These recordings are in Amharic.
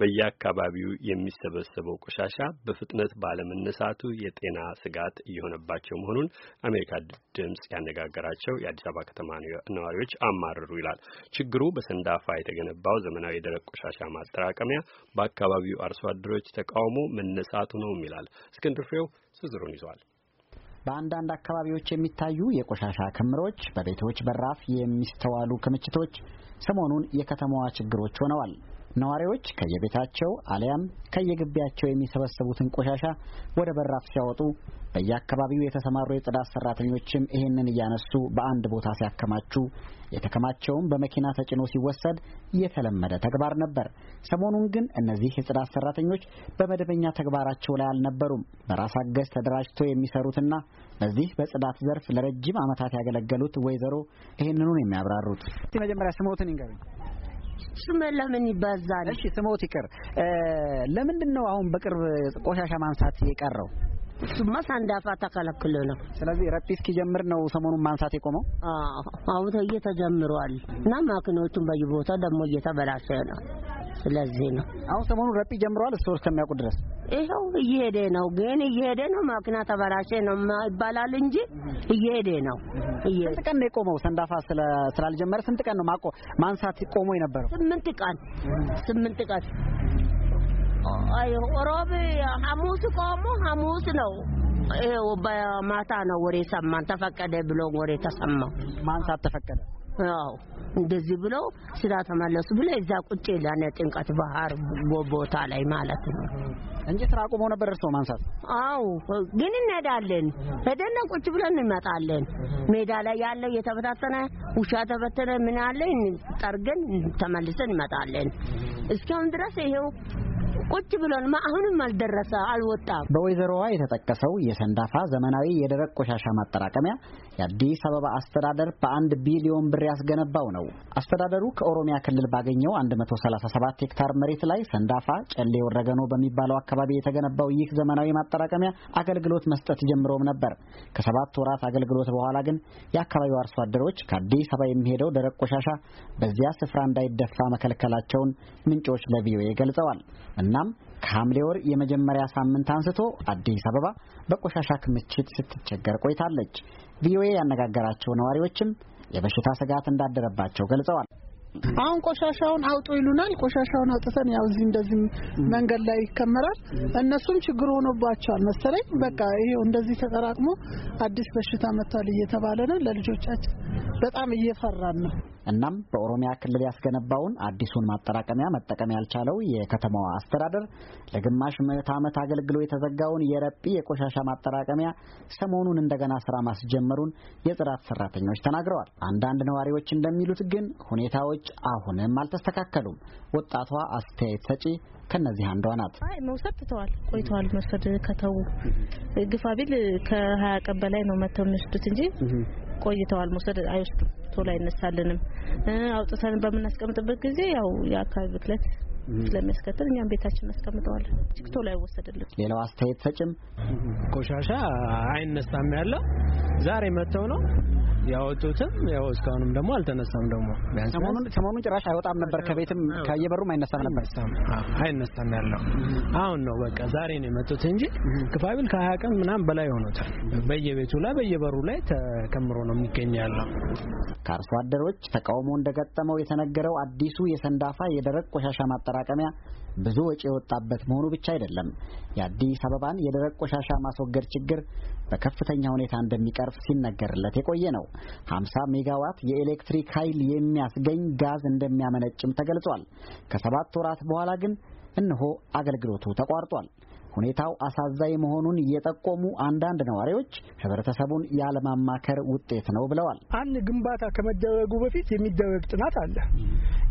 በየአካባቢው የሚሰበሰበው ቆሻሻ በፍጥነት ባለመነሳቱ የጤና ስጋት እየሆነባቸው መሆኑን አሜሪካ ድምጽ ያነጋገራቸው የአዲስ አበባ ከተማ ነዋሪዎች አማረሩ ይላል። ችግሩ በሰንዳፋ የተገነባው ዘመናዊ የደረቅ ቆሻሻ ማጠራቀሚያ በአካባቢው አርሶ አደሮች ተቃውሞ መነሳቱ ነው ይላል። እስክንድር ፍሬው ዝርዝሩን ይዟል። በአንዳንድ አካባቢዎች የሚታዩ የቆሻሻ ክምሮች፣ በቤቶች በራፍ የሚስተዋሉ ክምችቶች ሰሞኑን የከተማዋ ችግሮች ሆነዋል። ነዋሪዎች ከየቤታቸው አሊያም ከየግቢያቸው የሚሰበሰቡትን ቆሻሻ ወደ በራፍ ሲያወጡ በየአካባቢው የተሰማሩ የጽዳት ሰራተኞችም ይህንን እያነሱ በአንድ ቦታ ሲያከማቹ የተከማቸውም በመኪና ተጭኖ ሲወሰድ የተለመደ ተግባር ነበር። ሰሞኑን ግን እነዚህ የጽዳት ሰራተኞች በመደበኛ ተግባራቸው ላይ አልነበሩም። በራስ አገዝ ተደራጅቶ የሚሰሩትና በዚህ በጽዳት ዘርፍ ለረጅም ዓመታት ያገለገሉት ወይዘሮ ይህንኑን የሚያብራሩት መጀመሪያ ስሞትን ይንገሩኝ። ስም ለምን ይበዛል? እሺ ስሞት ይቅር። ለምንድን ነው አሁን በቅርብ ቆሻሻ ማንሳት የቀረው? እሱማ ሳንዳፋ ተከለክሎ ነው። ስለዚህ ረፒ እስኪጀምር ነው ሰሞኑን ማንሳት የቆመው። አሁን እየተጀምሯል እና ማኪናዎቹን በየቦታ ደግሞ እየተበላሸ ነው። ስለዚህ ነው አሁን ሰሞኑን ረፒ ጀምሯል። እስከ ወር እስከሚያውቁ ድረስ ይኸው እየሄደ ነው፣ ግን እየሄደ ነው። መኪና ተበላሸ ነው ይባላል እንጂ እየሄደ ነው። ስንት ቀን ነው የቆመው? ሰንዳፋ ስላልጀመረ ስንት ቀን ነው ማቆ ማንሳት ቆሞ የነበረው? ስምንት ቀን ስምንት ቀን ሮብ፣ ሐሙስ ቆሞ ሐሙስ ነው ይኸው በማታ ነው ወሬ ሰማን። ተፈቀደ ብሎ ወሬ ተሰማው። ማንሳት ተፈቀደ አዎ እንደዚህ ብለው ስራ ተመለሱ ብለው እዛ ቁጭ ይላል ጥንቀት ባህር ቦታ ላይ ማለት ነው እንጂ ስራ ቆሞ ነበር እርሶ ማንሳት። አዎ ግን እንሄዳለን ሄደን ቁጭ ብለን እንመጣለን። ሜዳ ላይ ያለው የተበታተነ ውሻ ተበተነ ምን አለ ጠርገን ተመልሰን እንመጣለን። እስካሁን ድረስ ይሄው ቁጭ ብለን አሁንም አልደረሰ አልወጣም። በወይዘሮዋ የተጠቀሰው የሰንዳፋ ዘመናዊ የደረቅ ቆሻሻ ማጠራቀሚያ የአዲስ አበባ አስተዳደር በአንድ ቢሊዮን ብር ያስገነባው ነው። አስተዳደሩ ከኦሮሚያ ክልል ባገኘው 137 ሄክታር መሬት ላይ ሰንዳፋ ጨሌ ወረገኖ በሚባለው አካባቢ የተገነባው ይህ ዘመናዊ ማጠራቀሚያ አገልግሎት መስጠት ጀምሮም ነበር። ከሰባት ወራት አገልግሎት በኋላ ግን የአካባቢው አርሶ አደሮች ከአዲስ አበባ የሚሄደው ደረቅ ቆሻሻ በዚያ ስፍራ እንዳይደፋ መከልከላቸውን ምንጮች ለቪኦኤ ገልጸዋል። እናም ከሐምሌ ወር የመጀመሪያ ሳምንት አንስቶ አዲስ አበባ በቆሻሻ ክምችት ስትቸገር ቆይታለች። ቪኦኤ ያነጋገራቸው ነዋሪዎችም የበሽታ ስጋት እንዳደረባቸው ገልጸዋል። አሁን ቆሻሻውን አውጡ ይሉናል። ቆሻሻውን አውጥተን ያው እዚህ እንደዚህ መንገድ ላይ ይከመራል። እነሱም ችግር ሆኖባቸዋል መሰለኝ። በቃ ይሄው እንደዚህ ተጠራቅሞ አዲስ በሽታ መጥቷል እየተባለ ነው። ለልጆቻችን በጣም እየፈራን ነው። እናም በኦሮሚያ ክልል ያስገነባውን አዲሱን ማጠራቀሚያ መጠቀም ያልቻለው የከተማዋ አስተዳደር ለግማሽ ምዕት ዓመት አገልግሎ የተዘጋውን የረጲ የቆሻሻ ማጠራቀሚያ ሰሞኑን እንደገና ስራ ማስጀመሩን የጽዳት ሰራተኞች ተናግረዋል። አንዳንድ ነዋሪዎች እንደሚሉት ግን ሁኔታዎች አሁንም አልተስተካከሉም። ወጣቷ አስተያየት ሰጪ ከነዚህ አንዷ ናት። አይ መውሰድ ትተዋል ቆይተዋል። መውሰድ ከተው ግፋ ቢል ከሀያ ቀን በላይ ነው መተው የሚወስዱት እንጂ ቆይተዋል። መውሰድ አይወስዱም። ቶሎ አይነሳልንም። አውጥተን በምናስቀምጥበት ጊዜ ያው የአካባቢ ብክለት ስለሚያስከትል እኛም ቤታችን እናስቀምጠዋለን። እጅግ ቶሎ አይወሰድልን። ሌላው አስተያየት ሰጭም ቆሻሻ አይነሳም ያለው ዛሬ መጥተው ነው ያወጡትም ያው እስካሁንም ደግሞ አልተነሳም። ደግሞ ሰሞኑን ሰሞኑን ጭራሽ አይወጣም ነበር ከቤትም ከየበሩም አይነሳም ነበር አይነሳም ያለው አሁን ነው በቃ ዛሬ ነው የመጡት እንጂ ክፋቢል ከሀያ ቀን ምናምን በላይ ሆኖታል። በየቤቱ ላይ በየበሩ ላይ ተከምሮ ነው የሚገኝ ያለው። ከአርሶ አደሮች ተቃውሞ እንደገጠመው የተነገረው አዲሱ የሰንዳፋ የደረቅ ቆሻሻ ማጠራቀሚያ ብዙ ወጪ የወጣበት መሆኑ ብቻ አይደለም የአዲስ አበባን የደረቅ ቆሻሻ ማስወገድ ችግር በከፍተኛ ሁኔታ እንደሚቀርፍ ሲነገርለት የቆየ ነው። 50 ሜጋዋት የኤሌክትሪክ ኃይል የሚያስገኝ ጋዝ እንደሚያመነጭም ተገልጿል። ከሰባት ወራት በኋላ ግን እነሆ አገልግሎቱ ተቋርጧል። ሁኔታው አሳዛኝ መሆኑን የጠቆሙ አንዳንድ ነዋሪዎች ህብረተሰቡን ያለማማከር ውጤት ነው ብለዋል። አንድ ግንባታ ከመደረጉ በፊት የሚደረግ ጥናት አለ።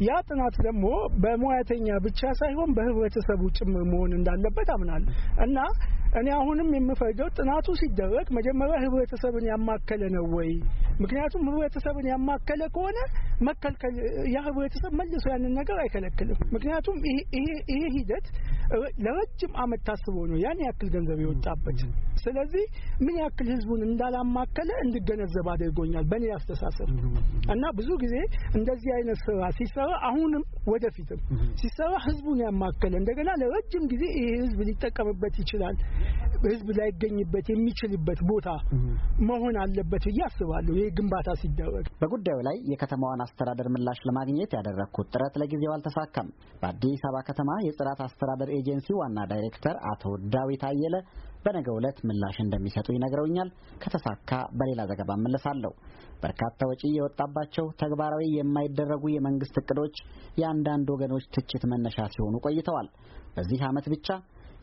ያ ጥናት ደግሞ በሙያተኛ ብቻ ሳይሆን በህብረተሰቡ ጭምር መሆን እንዳለበት አምናለሁ እና እኔ አሁንም የምፈርደው ጥናቱ ሲደረግ መጀመሪያ ህብረተሰብን ያማከለ ነው ወይ? ምክንያቱም ህብረተሰብን ያማከለ ከሆነ መከልከል ያ ህብረተሰብ መልሶ ያንን ነገር አይከለክልም። ምክንያቱም ይሄ ሂደት ለረጅም አመት ታስ ታስቦ ነው ያን ያክል ገንዘብ የወጣበት። ስለዚህ ምን ያክል ህዝቡን እንዳላማከለ እንድገነዘብ አድርጎኛል በእኔ አስተሳሰብ እና ብዙ ጊዜ እንደዚህ አይነት ስራ ሲሰራ አሁንም ወደፊትም ሲሰራ ህዝቡን ያማከለ እንደገና ለረጅም ጊዜ ይህ ህዝብ ሊጠቀምበት ይችላል ህዝብ ላይገኝበት የሚችልበት ቦታ መሆን አለበት ብዬ አስባለሁ። ይህ ግንባታ ሲደረግ በጉዳዩ ላይ የከተማዋን አስተዳደር ምላሽ ለማግኘት ያደረግኩት ጥረት ለጊዜው አልተሳካም። በአዲስ አበባ ከተማ የጽዳት አስተዳደር ኤጀንሲ ዋና ዳይሬክተር አቶ አቶ ዳዊት አየለ በነገ ዕለት ምላሽ እንደሚሰጡ ይነግረውኛል። ከተሳካ በሌላ ዘገባ መለሳለሁ። በርካታ ወጪ የወጣባቸው ተግባራዊ የማይደረጉ የመንግስት እቅዶች የአንዳንድ ወገኖች ትችት መነሻ ሲሆኑ ቆይተዋል። በዚህ ዓመት ብቻ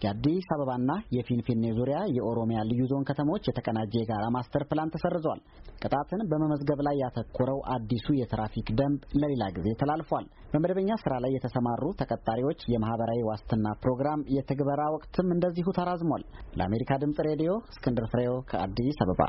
የአዲስ አበባና የፊንፊኔ ዙሪያ የኦሮሚያ ልዩ ዞን ከተሞች የተቀናጀ የጋራ ማስተር ፕላን ተሰርዟል። ቅጣትን በመመዝገብ ላይ ያተኮረው አዲሱ የትራፊክ ደንብ ለሌላ ጊዜ ተላልፏል። በመደበኛ ስራ ላይ የተሰማሩ ተቀጣሪዎች የማህበራዊ ዋስትና ፕሮግራም የትግበራ ወቅትም እንደዚሁ ተራዝሟል። ለአሜሪካ ድምጽ ሬዲዮ እስክንድር ፍሬው ከአዲስ አበባ